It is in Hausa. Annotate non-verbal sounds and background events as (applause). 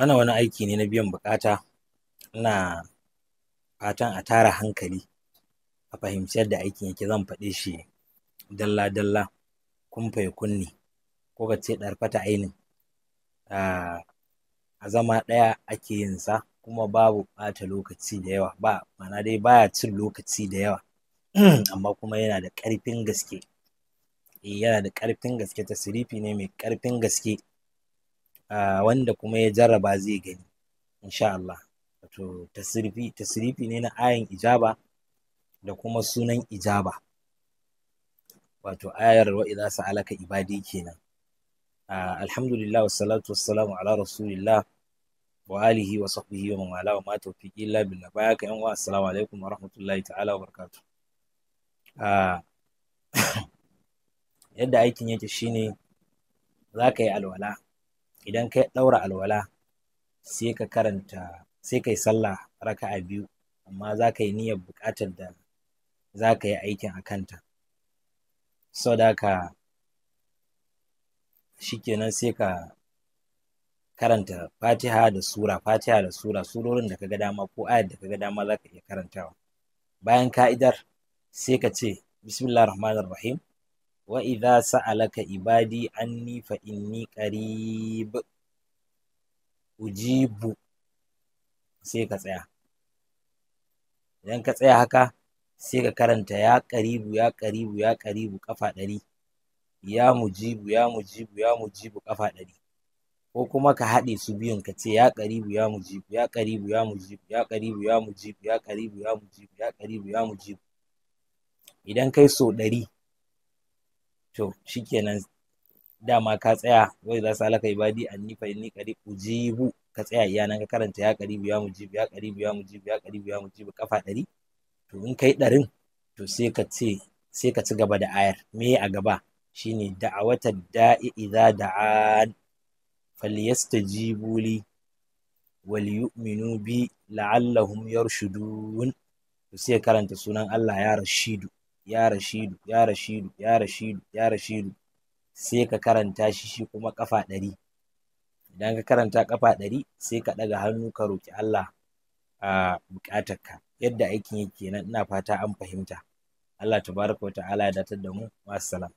wannan wani aiki ne na biyan bukata ina fatan a tara hankali a fahimci yadda aikin yake zan faɗe shi dalla dalla kun fai kunni ko ka ce ɗarfata ainin a zama ɗaya ake yin sa kuma babu ɓata lokaci da yawa ba mana dai baya cin lokaci da yawa (clears throat) amma kuma yana da ƙarfin gaske eh, yana da ƙarfin gaske tasirifi ne mai ƙarfin gaske Ah, wanda kuma ya jarraba zai gani insha Allah wato tasrifi tasrifi ne na ayan ijaba da kuma sunan ijaba wato ayar wa idza sa'alaka ibadi kenan ah, alhamdulillah wassalatu wassalamu ala rasulillah wa alihi wa sahbihi wa man wala wa ma tawfiqi illa billah bayaka yan wa assalamu alaikum wa rahmatullahi ta'ala wa barakatuh ah, (coughs) yadda aikin yake shine zaka yi alwala idan ka ɗaura alwala sai ka karanta sai yi sallah raka'a biyu amma za ka yi niyyar buƙatar da za ka yi aikin a kanta sau da shi kenan sai ka karanta fatiha da sura fatiha da sura surorin da ka ga dama ko ayar da ka ga dama za ka iya karantawa bayan ka'idar sai ka ce bismillah rahmanir rahim wa idza sa'alaka ibadi anni fa inni qarib ujibu sai ka tsaya idan ka tsaya haka sai ka karanta ya ƙaribu ya ƙaribu ya ƙaribu ƙafa ɗari ya mujibu ya mujibu ya mujibu ƙafa ɗari ko kuma ka haɗe su biyun ka ce ya ƙaribu ya mujibu ya ƙaribu ya mujibu ya ƙaribu ya mujibu ya ƙaribu ya mujibu ya qaribu ya mujibu idan kai so ɗari to shikenan dama ka tsaya wai za su halaka ibadi anni nifa ni kari ujibu ka tsaya iya nan ka karanta ya kari biya mujibu ya kari biya mujibu ya kari biya mujibu kafa ɗari to in kai ɗarin to sai ka ce sai ka ci gaba da ayar me a gaba shine da'awatar da'i idza da'a falyastajibu li wal yu'minu bi la'allahum yarshudun to sai karanta sunan Allah ya rashidu ya rashidu ya rashidu ya rashidu ya rashidu sai ka karanta shi shi kuma kafa ɗari idan ka karanta kafa ɗari sai ka ɗaga hannu ka roki Allah a buƙatarka yadda aikin yake nan ina fata an fahimta Allah tabaraka wa ta'ala ya datar da mu wassalam